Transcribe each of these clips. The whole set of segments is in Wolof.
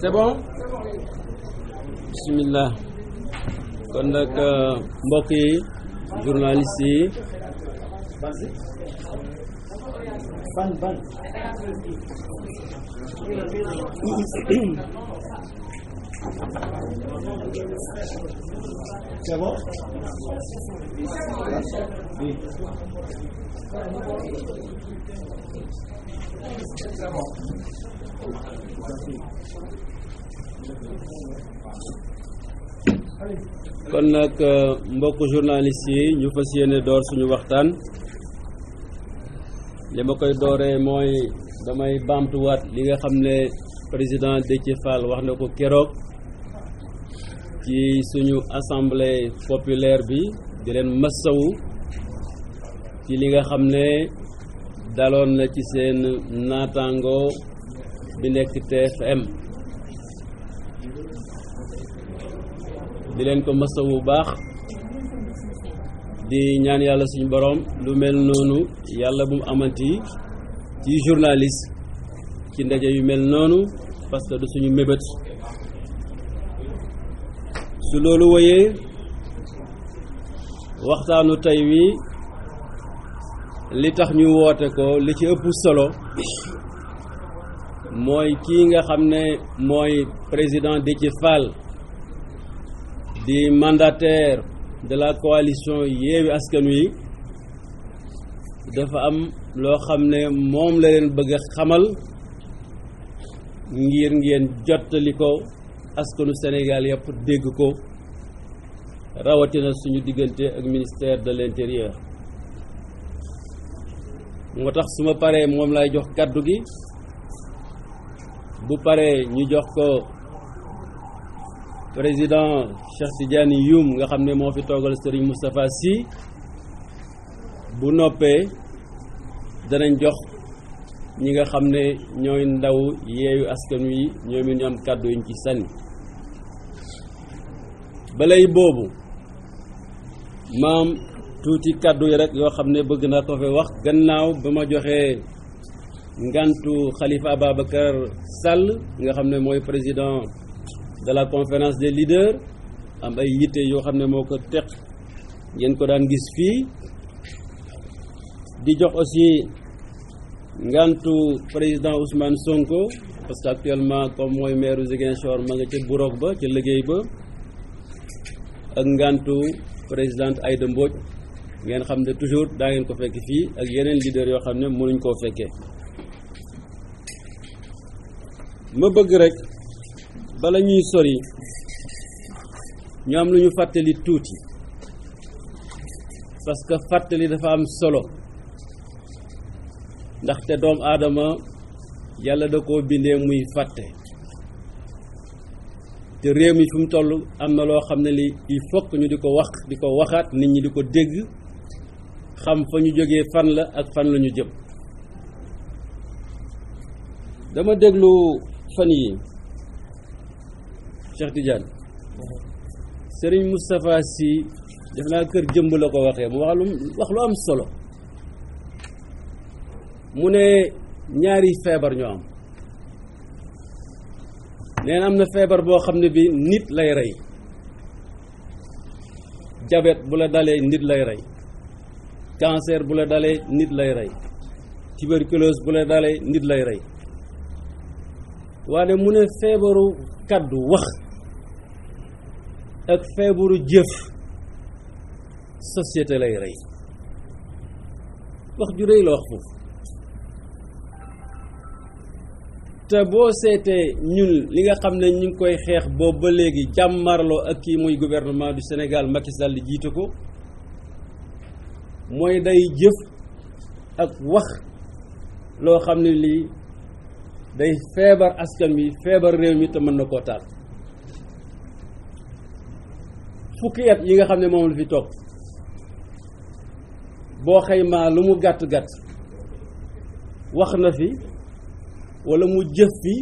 c'est bon bismillah kon nag euh, mbokk yi journaliste yi ban ban kon nag euh, mbokk journaliste yi ñu fas yéene door suñu waxtaan li ma koy dooree mooy damay baamtuwaat li nga xam ne président Déthié Fall wax na ko keroog ci suñu assemblée populaire bi di leen massawu ci li nga xam ne daloon na ci seen naataango bi nekk TFM di leen ko masawu bu baax di ñaan yàlla suñu boroom lu mel noonu yàlla bu mu amanti ci journaliste ci ndaje yu mel noonu parce que du suñu mébét su loolu woyee waxtaanu tey wi li tax ñu woote ko li ci ëpp solo mooy kii nga xam ne mooy président Déthié Fall di mandataire de la coalition Yewwi Askan Wi dafa am loo xam ne moom la leen bëgg a xamal ngir ngeen jottali ko askanu Sénégal yëpp dégg ko rawatina suñu diggante ak ministère de l'intérieur moo tax suma paree moom laay jox kàddu gi bu paree ñu jox ko président Cheikh Tidiane Youm nga xam ne moo fi toogal Serigne Moustapha si bu noppee danañ jox ñi nga xam ne ñooy ndaw yeeyu askan wi ñoom it am kàddu yuñ ci sànni balay boobu maam tuuti kàddu yi rek yoo xam ne bëgg naa ko fee wax gannaaw ba ma joxee ngantu Khalifa Ababacar Sall nga xam ne mooy président de la conférence des leaders am ay yitte yoo xam ne moo ko teq ngeen ko daan gis fii di jox aussi ngantu président Ousmane Sonko parce que actuellement comme mooy maire Ziguinchor ma nga ca bureau ba ca liggéey ba ak ngantu présidente Aïda Mbodj ngeen xam ne toujours daa ngeen ko fekk fii ak yeneen leader yoo xam ne mënuñ koo fekkee ma bëgg rek bala ñuy sori ñu am lu ñu fàttali tuuti parce que fàttali dafa am solo ndaxte doom aadama yàlla da koo bindee muy fàtte te réew mi fi mu toll am na loo xam ne li il ñu di ko wax di ko waxaat nit ñi di ko dégg xam fa ñu jógee fan la ak fan la ñu jëm dama déglu fan yi Cheikh Tidiane Serigne Moustapha si def naa kër jëmb la ko waxee mu wax lu am solo mu ne ñaari feebar ñoo am nee na am na feebar boo xam ne bi nit lay rey jabet bu la dalee nit lay rey cancer bu la dalee nit lay rey tuberculose bu la dalee nit lay rey waane mu ne feebaru kàddu wax ak feebaru jëf société lay rey wax ju rëy la wax foofu te boo seetee ñun li nga xam ne ñu ngi koy xeex boobu ba léegi jàmmarloo ak kii muy gouvernement du Sénégal Macky Sall jiite ko mooy day jëf ak wax loo xam ne lii day feebar askan wi feebar réew mi te mën na koo taal fukki at yi nga xam ne moom la fi toog boo xaymaa lu mu gàtt gàtt wax na fi walla mu jëf fi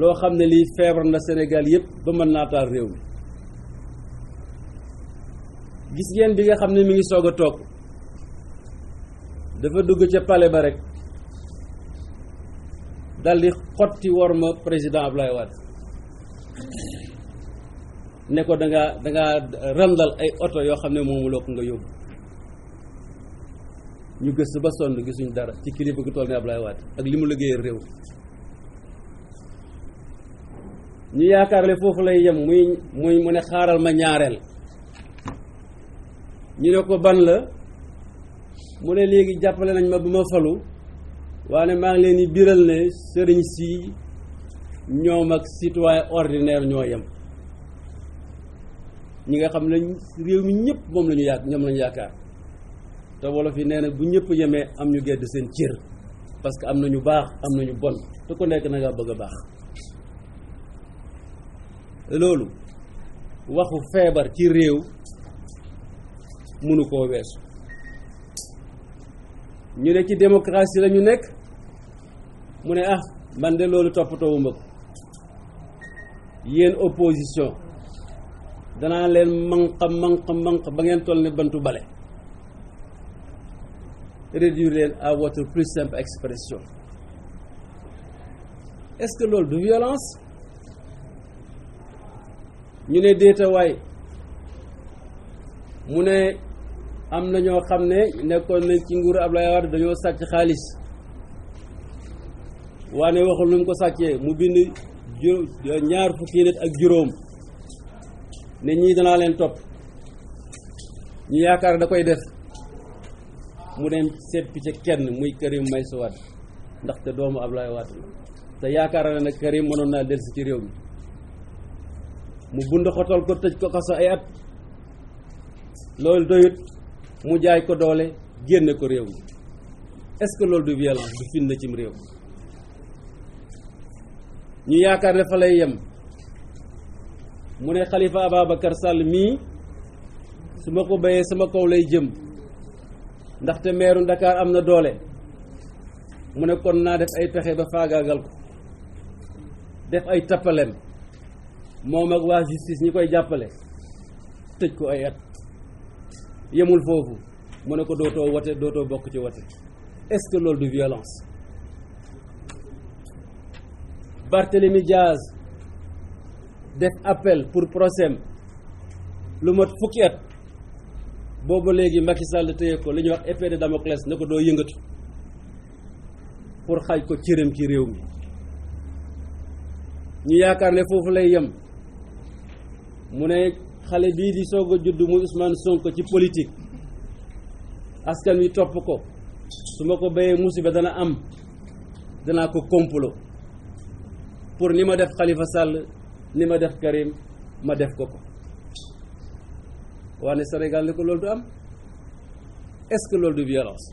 loo xam ne lii feebar na senegal yëpp ba mën naa taal réew mi gis ngeen bi nga xam ne mu ngi soog a toog dafa dugg ca pale ba rek dal di xotti worma président Ablaye Wade ne ko da danga da ngaa randal ay oto yoo xam ne moomuloo ko nga yóbbu ñu gëstu ba sonn gisuñ dara ci kilifa gu toll ne Ablaye Wade ak li mu liggéeyal réew ñu yaakaar ne foofu lay yem muy mu ne xaaral ma ñaareel ñu ne ko ban la mu ne léegi jàppale nañ ma bu ma falu waane maa ngi leen di biral ne sëriñ si ñoom ak citoyen ordinaire ñoo yem ñi nga xam ne réew mi ñëpp moom lañu ñu yàgg ñoom la yaakaar te wolof yi nee nag bu ñëpp yemee am ñu gedd seen cër parce que am na ñu baax am na ñu bon te ko nekk na nga bëgg a baax loolu waxu feebar ci réew mënu koo weesu ñu ne ci démocratie la ñu nekk mu ne ah man de loolu toppatoowuma ko yéen opposition danaa leen manq manq manq ba ngeen toll ne bantu bale réduire leen à votre plus simple expression est-ce que loolu du violence ñu ne déetawaay mu ne am na ñoo xam ne nekkoon nañ ci nguur ab lay Wade dañoo sàcc xaalis waane waxul nu mu ko sàccee mu bind ñaar fukki nit ak juróom ne ñii danaa leen topp ñu yaakaar da koy def mu dem seet ci kenn muy Karim Meïssa Wade ndaxte doomu Abdoulaye la te yaakaar na ne Karim mënoon naa delsi ci réew mi mu bund xotal ko tëj ko kaso ay at loolu doyut mu jaay ko doole génne ko réew mi est-ce que loolu du violence na fitna cim réew ñu yaakaar ne lay yem mu ne xalifa Ababacar Sall mii su ma ko bayee sama kow lay jëm ndaxte meeru Dakar am na doole mu ne kon naa def ay pexe ba faagaagal ko def ay tappalem moom ak waa justice ñi koy jàppale tëj ko ay at yemul foofu mu ne ko dootoo wate dootoo bokk ci wate est-ce que loolu du violence Barthélemy Diaz def appel pour procès lu mat fukki at booba léegi Macky Sall téye ko li ñuy wax épée de Damoclès ne ko doo yëngatu pour xaj ko cëram ci réew mi ñu yaakaar ne foofu lay yem mu ne xale bii di soog a judd mu Ousmane Sonko ci politique askan wi topp ko su ma ko béyee musiba dana am danaa ko complot pour ni ma def xalifa Sall ni ma def Karim ma def ko ko waane Sénégal ni ko loolu du am est-ce que loolu du violence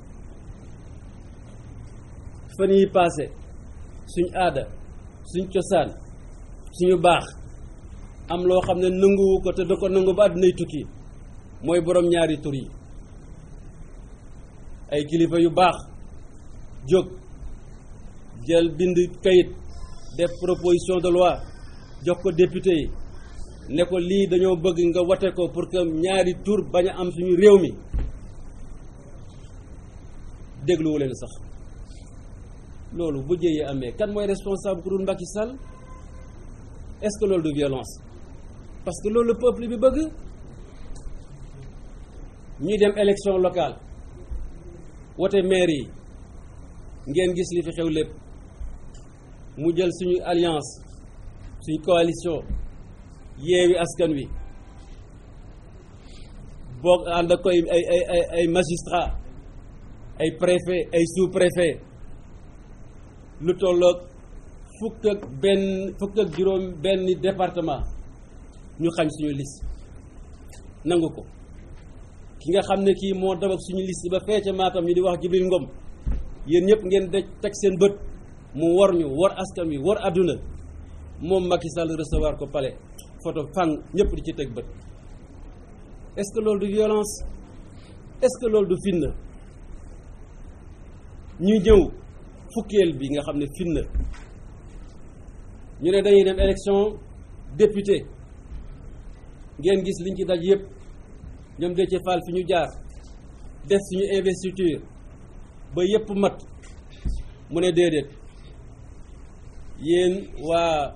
fan yi paase suñ aada suñ cosaan suñu baax am loo xam ne nanguwu ko te da ko nangu ba àddinay tukki mooy boroom ñaari tur yi ay kilifa yu baax jóg jël bind kayit def proposition de loi jox ko député yi ne ko lii dañoo bëgg nga wate ko pour que ñaari tur bañ a am suñu réew mi dégluwu sax loolu bu jëyee amee kan mooy responsable ku dul Macky Sall est-ce loolu du violence parce que loolu peuple bi bëgg ñuy dem élection locale wote maire yi ngeen gis li fi xew lépp mu jël suñu alliance suñu coalition yeewi askan wi boo ànd ak koy ay ay ay ay préfet ay sous préfet lu tolloog fukk ak benn fukk ak juróom benn département ñu xañ suñu liste nangu ko ki nga xam ne kii moo dabak suñu liste ba feeca maatam ñu di wax Jibril Ngom yéen ñëpp ngeen de teg seen bët mu war ñu war askan wi war àdduna moom mag Macky Sall recevoir ko palais photo fang ñëpp di ci teg bët est-ce que loolu du violence est-ce que loolu du fitna ñu ñëw fukkeel bi nga xam ne fitna ñu ne dañuy dem élection député ngeen gis liñ ci daj yëpp ñoom de ci faal fi ñu jaar def suñu investiture ba yépp mat mu ne déedéet yéen waa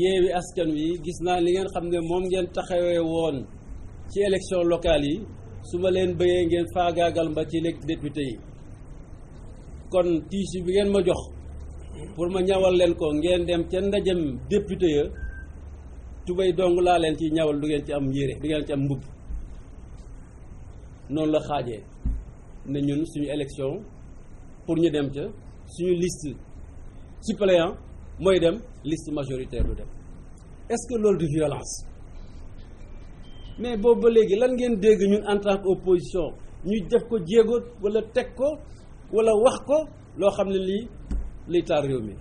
yeewi askan wi gis naa li ngeen xam ne moom ngeen taxawee woon ci élection locale yi su ma leen bayee ngeen faagaagal mba ci léegi député yi kon tiisu bi ngeen ma jox pour ma ñawal leen ko ngeen dem ca ndajem député ya tubéy dong laa leen ci ñawal du ngeen ci am yére du ngeen ci am mbubb noonu la xaaje ne ñun suñu élection pour ñu dem ca suñu liste suppléant mooy dem list majoritaire du dem est-ce que loolu du violence mais boobu ba léegi lan ngeen dégg ñun en tant que opposition ñu def ko jéego walla teg ko wala wax ko loo xam ne lii liy taal réew mi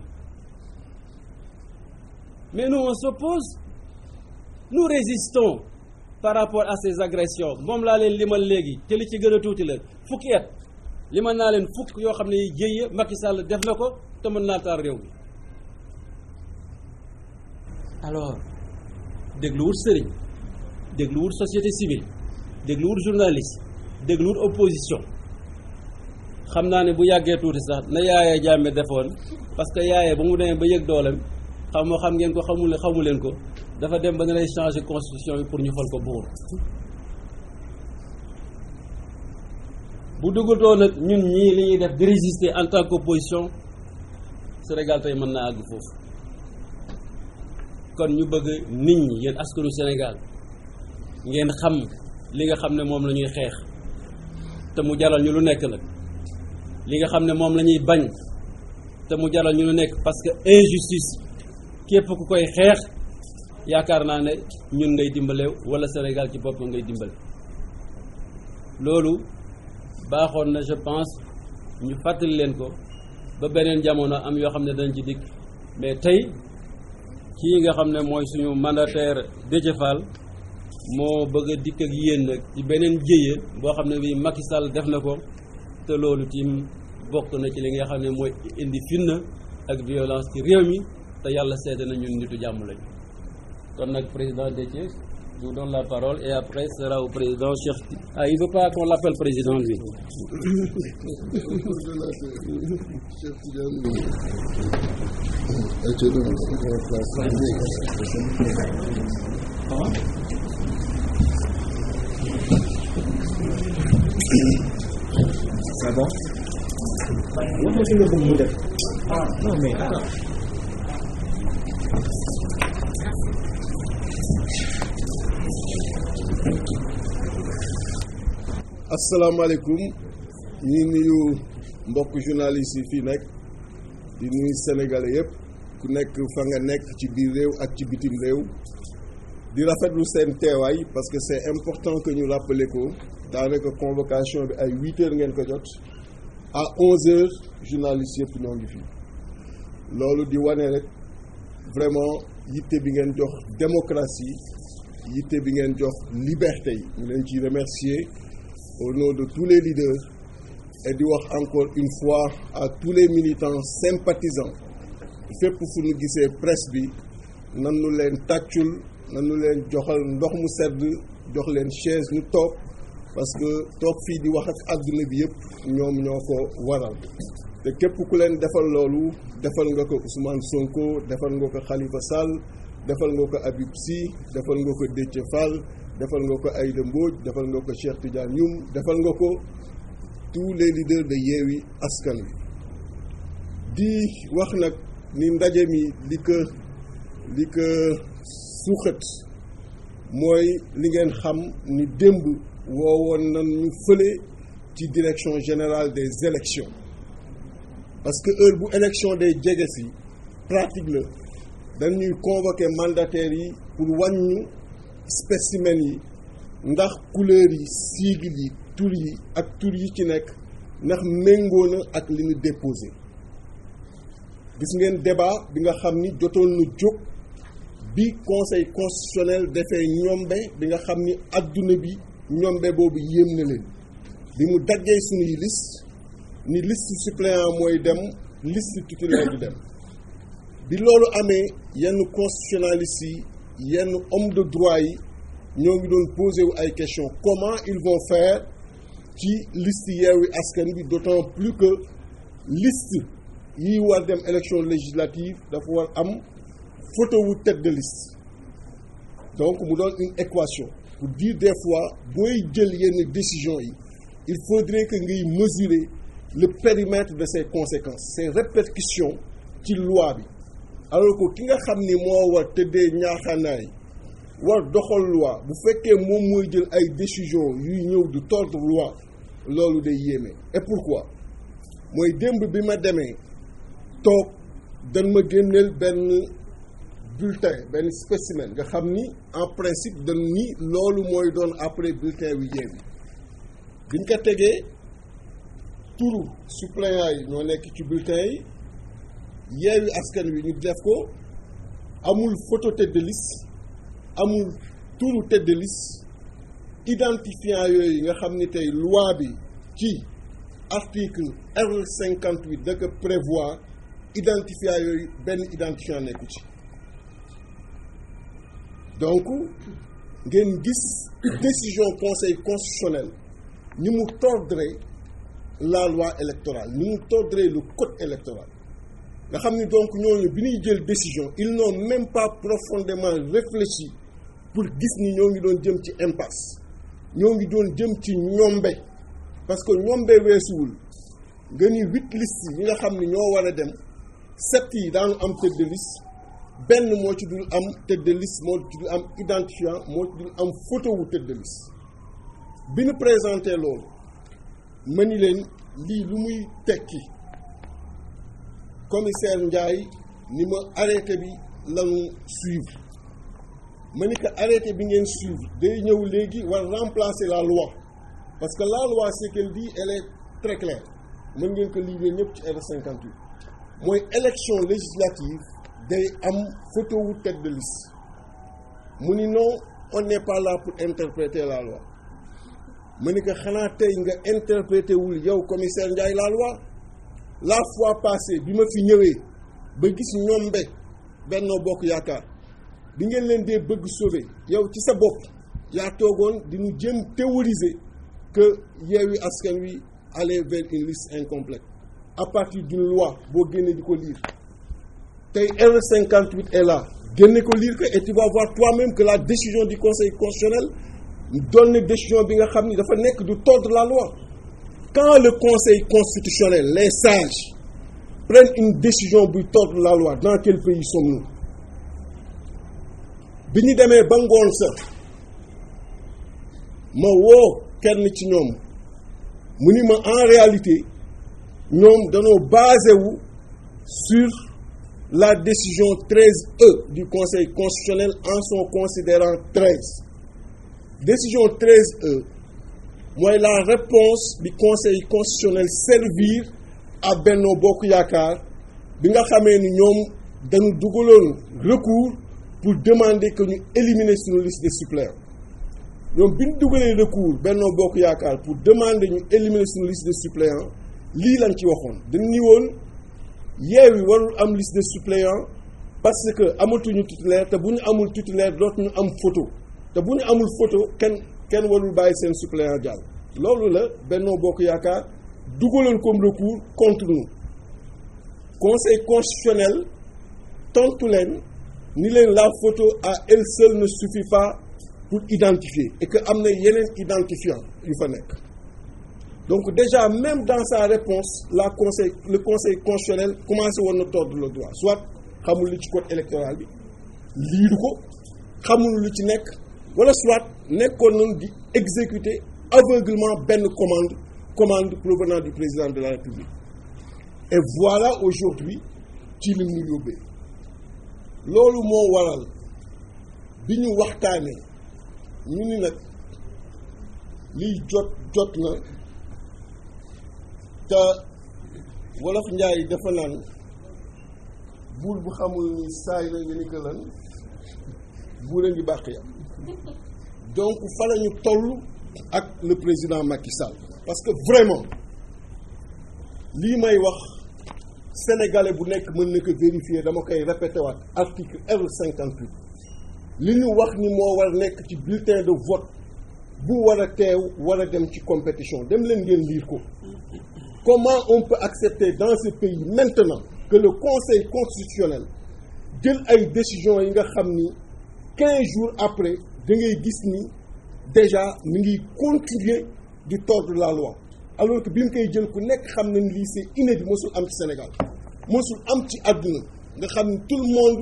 mais nous s'oppose nous résistons par rapport à ces agressions moom laa leen limal léegi te li ci gën a tuuti la fukki at limal naa leen fukk yoo xam ne yi jéye Macky Sall def na ko te mën naa taal réew mi alors dégluwul sëriñ dégluwul société civile dégluwul journaliste dégluwul opposition xam naa ne bu yàggee tuuti sax na yaayee jàmme defoon parce que yaayee ba mu demee ba yëg doolem xam moo xam ngeen ko xamul xamu leen ko dafa dem ba ne lay changer constitution bi pour ñu fal ko buur bu duggutoo nag ñun ñii li ñuy def di résister en tant qu'opposition Sénégal tey mën naa àgg foofu kon ñu bëgg nit ñi yéen askanu Sénégal ngeen xam li nga xam ne moom la ñuy xeex te mu jaral ñu lu nekk la li nga xam ne moom la ñuy bañ te mu jaral ñu lu nekk parce que injustice képp ku koy xeex yaakaar naa ne ñun ngay dimbale wala Sénégal ci boppam ngay dimbale loolu baaxoon na je pense ñu fàttali leen ko ba beneen jamono am yoo xam ne danañ ci dikk mais tey kii nga xam ne mooy suñu mandataire Déthié Fall moo bëgg a dikk ak yéen nag ci beneen jéye boo xam ne bii Macky def na ko te loolu tim bokk na ci li nga xam ne mooy indi na ak violence ci réew mi te yàlla seede na ñun nitu jàmm lañu kon nag président Déthié je vous donne la parole et après sera au président Cheikh ah il veut pas qu'on l'appelle président lui c'est bon. Ah, non mais asalaamaaleykum ñu nuyu mbokk journaliste yi fii nekk di nuyu sénégalais yëpp ku nekk fa nga nekk ci biir réew ak ci bitim réew di rafetlu seen teewaay parce que c'est important que ñu rappeler ko daanaka convocation bi ay huit ngeen ko jot à onze heures journaliste yëpp ñoo ngi fii loolu di wane rek vraiment yitte bi ngeen jox démocratie yitte bi ngeen jox liberté yi ñu leen ci remercier au nom de tous les leaders di wax encore une fois à tous les militants sympathisants fépp fu ñu gisee presse bi nanu leen tàccul nanu leen joxal ndox mu sedd jox leen chaise nu toog parce que toog fii di wax ak àdduna bi yëpp ñoom ñoo ko waral te képp ku leen defal loolu defal nga ko Ousmane Sonko defal nga ko Khalifa Sall defal nga ko Habib Sy defal nga ko Déthié Fall defal nga ko Aïda Mbodj defal nga ko Cheikh Tidiane Youm defal nga ko tous les leaders de Yewwi Askan Wi di wax nag ni ndaje mi li ko li ko suuxat mooy li ngeen xam ni démb woowoon na ñu fële ci direction générale des élections parce que heure bu élection day jege si pratique la dañuy convoquer mandataires yi pour wàññu spécimen yi ndax couleur yi sigle yi tur yi ak tur yi ci nekk ndax méngoo na ak li ñu déposé gis ngeen débat bi nga xam ni jotoon na jóg bi conseil constitutionnel defee ñombe bi nga xam ni adduna bi ñombe boobu yéem na leen bi mu daggee suñuy liste ni liste suppléant mooy dem liste titulaire di dem bi loolu amee yenn constitutionnalistes yi yenn homme de droit yi ñoo ngi doon poser wu ay question comment ils vont faire ci liste Yewwi Askan bi d'autant plus que liste yi war dem élection législative dafa war am photo wu tête liste donc mu doon une équation pour dire des fois booy jël yenn décision yi il faudrait que ngay mesurer le périmètre de ses conséquences ses répercussions ci loi bi alors ko ki nga xam ni moo war tëddee ñaaxanaay war doxal loi bu fekkee moom mooy jël ay décision yuy ñëw du tordre loi loolu day yéeme et pourquoi mooy démb bi ma demee toog dañ ma génneel benn bulletin benn spécimen nga xam ni en principe dañ ni loolu mooy doon après bulletin wi yéen bi ñu ko tegee turu suppléant yi ñoo nekk ci bulletin yi yeewi askan wi ñu def ko amul photo tête amul turu tête de liste identifiant nga xam ni tey loi bi ci article R cinquante huit da ko prévoir identifiant yooyu benn identifiant nekku ci donc ngeen gis décision conseil constitutionnel ñu mu tordre la loi électorale ñu mu tordre le code électoral nga xam ni donc ñooñu bi ñuy jël décision ils n'ont même pas profondément réfléchi pour gis ni ñoo ngi doon jëm ci impasse ñoo ngi doon jëm ci ñombe parce que ñombe weesuwul nga ni huit listes yi nga xam ni ñoo war a dem sept yi daanu am tête benn moo ci dul am tête de moo ci dul am identifiant moo ci dul am photo wu tête de liste bi ñu présenté loolu ma ni leen lii lu muy tekki commissaire Ndiaye ni ma arrêté bi lañu suivre ma ni que arrêté bi ngeen suivre day ñëw léegi war remplacer la loi parce que la loi ce qu'elle dit elle est très claire mën ngeen ko lire ñëpp ci R58 mooy élection législative day am photo wu tête de mu ni non on n'est pas pour interpréter la loi ma ni que xanaa tey nga interprété wul yow commissaire Ndiaye la la fois passée bi ma fi ñëwee ba gis ñoom be Benno Bokk Yaakaar bi ngeen leen dee bëgg sauver yow ci sa bopp yaa toogoon di ñu jéem théoriser que Yewwi Askan Wi aller vers une liste incomplète à partir d'une loi boo génnee di ko lire tey R58 est là génne ko liir que et tu toi-même que la décision du conseil constitutionnel doon na décision bi nga xam ni dafa nekk du tordre la loi quand le conseil constitutionnel les sages prennent une décision buy tordre la loi dans quel pays sommes-nous bi ñu demee ba ngoon sa ma woo kenn ci ñoom mu ni ma en réalité ñoom danoo basé wu sur la décision 13E e du conseil constitutionnel en son considérant 13 décision 13E mooy la réponse bi conseil constitutionnel servir à Benno Bokk Yaakaar bi nga xamee ni ñoom dañu dugaloon recours pour demander que ñu éliminer suñu liste des suppléants ñoom bi ñu dugalee recours Benno Bokk Yaakaar pour demander ñu éliminer suñu liste des suppléants lii lañ ci waxoon dañ ni woon Yewwi warul am liste de suppléants parce que amatuñu titulaire te bu ñu amul titulaire ñu am photo te bu ñu amul photo kenn kenn warul bàyyi seen suppléant jàll loolu la Benno Bokk Yaakaar dugaloon comme recours contre nous conseil constitutionnel tontu leen ni leen la photo à elle seule ne suffit pas pour identifier et que am na yeneen identifiant yu fa nekk donc déjà même dans sa réponse la conseil le conseil constitutionnel commencé woon na tordre le droit soit xamul lu ci code électoral bi liiru ko xamul lu ci nekk wala soit nekkoon nañ di exécuter aveuglement benn commande commande provenant du président de la république et voilà aujourd'hui ci lim ñu yóbbee loolu moo waral bi ñu waxtaanee ñu ni nag li jot jot na te wolof njaay dafa naan buur bu xamul ni saay na nga ni ko ngi bàq ya donc fala ñu toll ak le président Macky parce que vraiment lii may wax sénégalais bu nekk mën na ko vérifier dama koy répété waat article R58 li ñu wax ni moo war nekk ci bulletin de vote bu war a teew war dem ci compétition dem leen ngeen lire ko comment on peut accepter dans ce pays maintenant que le conseil constitutionnel jël ay décisions yi nga xam ni jours après da ngay gis ni déjà mi ngi continuer di tordre la loi alors bi mu koy jël ku nekk xam nañ lii c'est bi mosul am ci Sénégal mosul am ci àdduna nga xam ne tout le monde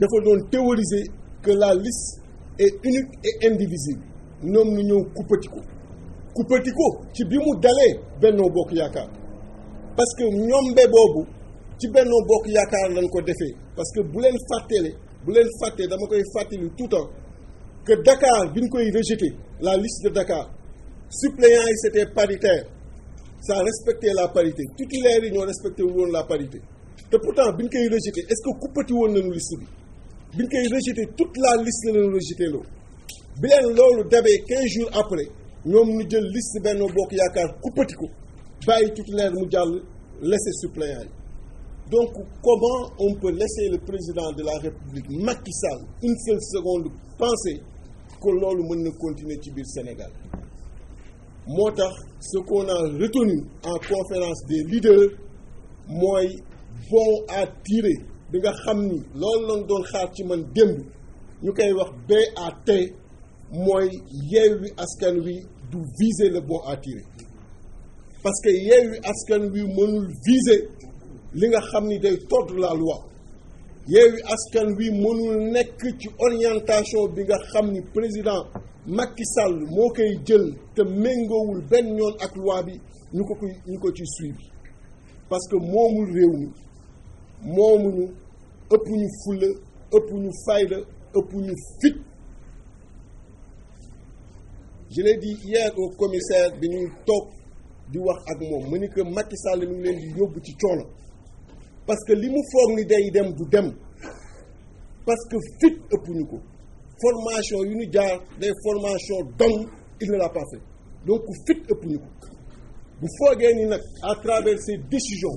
dafa doon théoriser que la liste est unique et indivisible ñoom ñu ñëw kuppati ko kuppati ko ci bi mu dalee Benno Bokk Yaakaar parce que ñombe boobu ci Benno Bokk Yaakaar lañ ko defee parce que bu leen fàtteele bu leen fàttee dama koy fàttali tout temps que Dakar bi ñu koy rejeté la liste de Dakar suppléants yi c'était paritaire sa respectait la parité titulaires yi ñoo respecté wu woon la parité te pourtant bi ñu koy rejeté est-ce que kuppati woon nañu liste bi bi ñu koy rejeté toute la liste la ñu rejeté loo bi leen loolu dabee quinze jours après ñoom ñu jël liste benn Bokk Yaakaar kuppati ko bàyyi titulaire mu jàll laisser suppléants yi donc comment on peut laisser le président de la République Macky Sall une seule que loolu mën na continuer ci biir Sénégal moo tax ce qu'on a retenu en conférence des leaders mooy bon à tirer bi nga xam ni loolu lañ doon xaar ci man démb ñu koy wax BAT mooy Yewwi Askan Wi du viser le bon à tirer parce que Yewwi Askan Wi mënul viser li nga xam ni day tordre la loi Yewwi Askan Wi mënul nekk ci orientation bi nga xam ni président Macky sàll moo koy jël te méngoowul benn yoon ak loi bi ñu ko koy ko ci suivre parce que moomul réew mi moomuñu ëpp ñu fulla ëpp ñu fayda ëpp ñu fit je l'ai dit hier bi ñuy toog di wax ak moom ma ni que Sall mi ngi leen di yóbbu ci coono parce que li mu foog ni day dem du dem parce que fit ëpp ñu ko formation yu ñu jaar des formation dong il ne l'a donc fit ëpp ñu ko bu foogee ni nag à travers ces décisions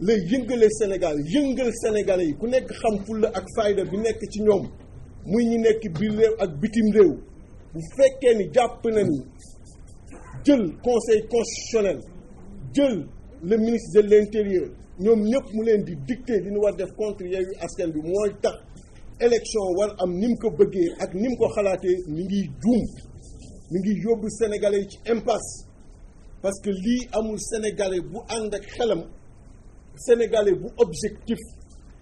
la yëngale Sénégal yëngal Sénégalais yi ku nekk xam fulla ak fayda bi nekk ci ñoom muy ñu nekk bi réew ak bitim réew bu fekkee ni jàpp na ni jël conseil constitutionnel jël le ministre de l'intérieur ñoom ñëpp mu leen di dicté li ñu war def contre Yewwi Askan bi mooy tax élection war am nim ko bëggee ak ni mu ko xalaatee mi ngi juum mi ngi yóbbu sénégalais ci impasse parce que lii amul sénégalais bu ànd ak xelam sénégalais bu objectif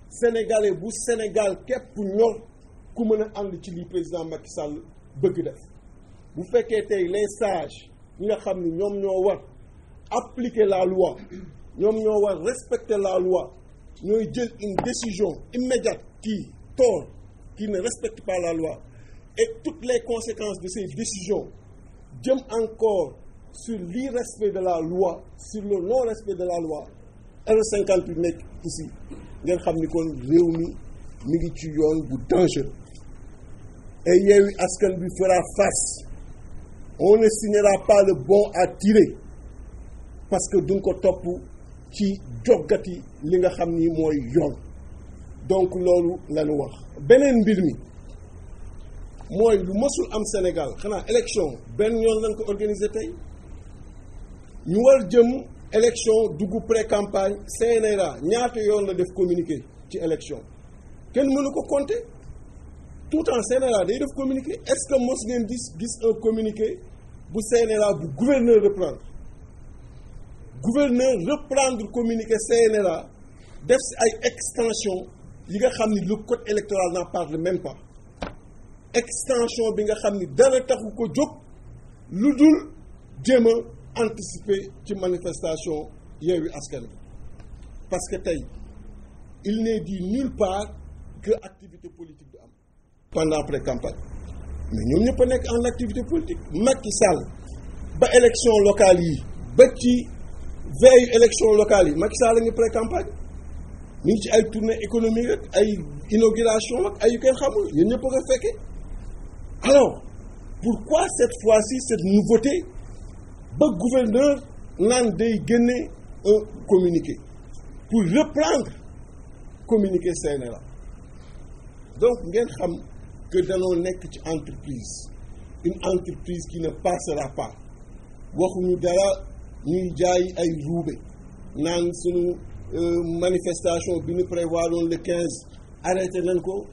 sénégalais bu Sénégal képp ñor ku mën a ànd ci li président Macky Sall bëgg def bu fekkee tey les sages ñi nga xam ni ñoom ñoo war appliquer la loi ñoom ñoo war respecter la loi ñooy jël une décision immédiate qui tord qui ne respecte pa la loi et toutes les conséquences de ces décisions jëm encore sur li l'irrespect de la loi sur le non-respect de la loi R58 nekk ici ngeen xam ni kon réew mi mi ngi ci yoon bu dangereux et Yewwi Askan bi fera face on ne signera pas le bon à tirer parce que duñ ko topp ci joggati li nga xam ni mooy yoon donc loolu la ñu wax beneen mbir mi mooy lu mësul am Sénégal xanaa élection benn yoon lañ ko organiser tey ñu war jëm élection dugg pré-campagne CNRA ñaata yoon la def communiqué ci élection kenn mënu ko compter tout en CNRA day def communiqué est-ce que mos ngeen gis gis un communiqué bu CNRA bu gouverneur reprendre gouverneur reprendre communiqué CNRA def si ay extension yi nga xam ni le code électoral n'en parle même pas extension bi nga xam ni dara taxu ko jóg lu dul jéem a anticiper ci manifestation Yewwi Askan parce que tey il n'est dit nulle part que activité politique du am pendant après campagne mais ñoom ñëpp a nekk en activité politique Macky Sall ba élection locale yi ba ci veille élection locale yi Macky Sall la ngi pré-campagne mi ngi ci ay tournée économie rek ay inauguration ak ay yu kenn xamul yéen ñëpp a ko fekkee alors pourquoi cette fois-ci cette nouveauté ba gouverneur naan day génne un communiqué pour reprendre communiqué la donc ngeen xam que danoo nekk ci entreprise une entreprise qui ne passera pas waxuñu dara ñuy jaay ay ruube naan suñu euh, manifestation bi ñu prévoiroon le quinze arrêté nañ ko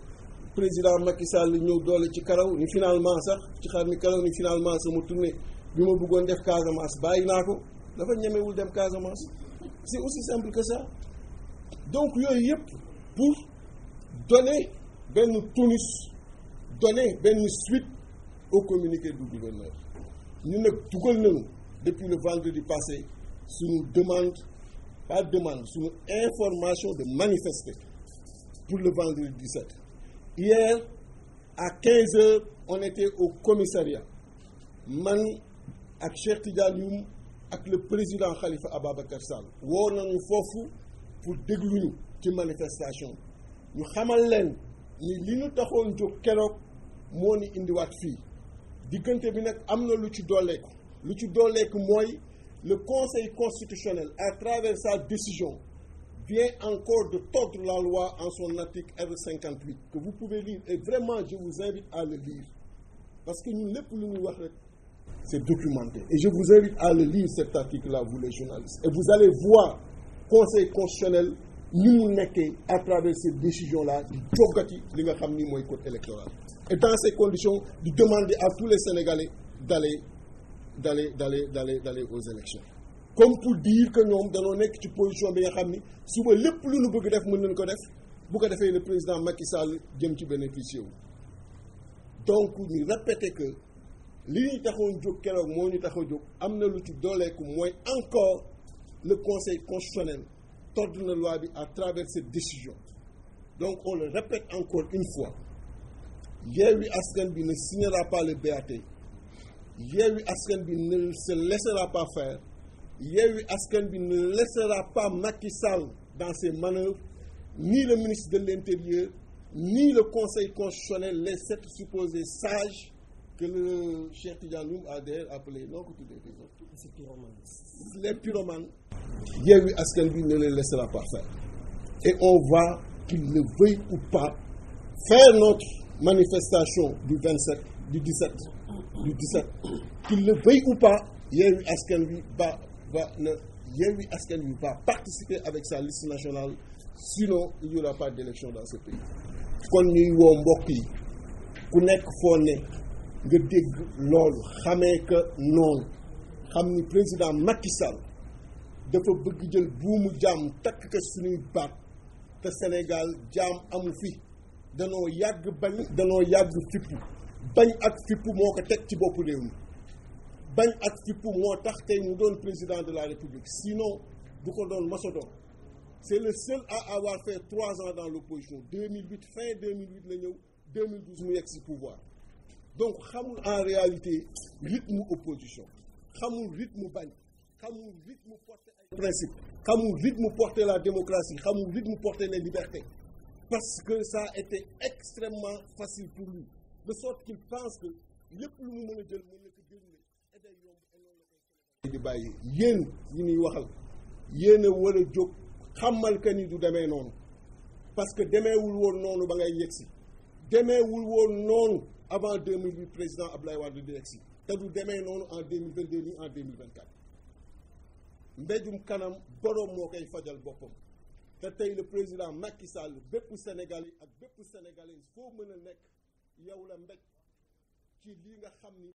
président Macky Sall ñëw doole ci karaw ni finalement sax ci xam ni karaw ni finalement sama tournée bi ma bëggoon def Casamance bàyyi naa ko dafa ñemewul dem Casamance c'est aussi simple que ça donc yooyu yëpp pour donner benn tonus donner benn suite au communiqué du gouverneur ñun nag dugal nañu depuis le vendredi passé suñu demande par demande suñu information de manifester pour le vendredi 17 hier à 15 heures on était au commissariat man ak Cheikh Tidiane Youm ak le président Khalifa Ababacar Sall woo nañu foofu pour dégluñu ci manifestation ñu xamal leen ni li ñu taxoon jóg keroog moo ni indiwaat fii diggante bi nag am na lu ci ko lu ci dooleeku mooy le conseil constitutionnel à travers sa décision vient encore de tordre la loi en son article R58 que vous pouvez lire et vraiment je vous invite à le lire parce que ñun lépp lu ñuy wax rek c'est documenté et je vous invite à le lire cet article là vous les journalistes et vous allez voir conseil constitutionnel ni mu nekkee à travers ces décisions là di joggati li nga xam ni mooy code électoral et dans ces conditions di demander à tous les Sénégalais d'aller d'aller d'aller d'aller d'aller aux élections comme pour dire que ñoom danoo nekk ci position bi nga xam ni suba lépp lu nu bëgg def mën nañu ko def bu ko defee le président Macky Sall jëm ci bénéficier wu donc ñu répéter que li ñuy taxoon jóg keroog moo ñu taxa jóg am na lu ci dooleeku mooy encore le conseil constitutionnel todd na loi bi à travers cette décision donc on le encore une fois Yewwi Askan Wi ne signera pas le BAT Yewwi Askan Wi ne se laissera pas faire Yewwi Askan Wi ne laissera pas Macky Sall dans ses manœuvres ni le ministre de l'Intérieur ni le Conseil constitutionnel les sept supposés sages que le Cheikh Tidiane Loum a d'ailleurs appelé noo ko tuddee déjà ah, les pyromanes les pyromanes Yewwi Askan Wi ne le laissera pas faire et on va qu'il le veuille ou pas faire notre manifestation du 27 du lu di qu'il le veuille ou pas Yewwi Askan Wi ba ba na Yewwi Askan Wi va participer avec sa liste nationale sinon il n'y aura de d'élection dans ce pays kon ñuy woo mbokk yi ku nekk foo ne nga dégg loolu xamee que noonu xam ni président Macky Sall dafa bëgg jël buumu jàmm takk ko suñuy baat te Sénégal jàmm amul fi danoo yàgg bañ danoo yàgg fippu bañ ak fippu moo ko teg ci bopp réew mi bañ ak fippu moo tax tey mu doon président de la république sinon du ko doon masodoon c'est le seul à avoir fait trois ans dans l'opposition 2008 fin 2008 la ñëw 2012 mu yegg si pouvoir donc xamul en réalité rythme opposition xamul rythme bañ xamul rythme porter ay principe xamul rythme porter la démocratie xamul rythme porter les libertés parce que ça a été extrêmement facile pour lui de sorte qu'il pense que lépp lu mu mën a jël mën na ko génne et day yomb et loolu la koy di bàyyi yéen ñi ñuy waxal yéen a war a jóg xamal que ni du demee noonu parce que demeewul woon noonu ba ngay yegg si demeewul woon noonu avant 2008 président Abdoulaye Wade di yegg te du demee noonu en 2022 ni en 2024 mbéjum kanam boroom moo koy fajal boppam te tey le président Macky Sall bépp Sénégalais ak bépp Sénégalais foo mën a nekk yow la mbéj ci li nga xam ni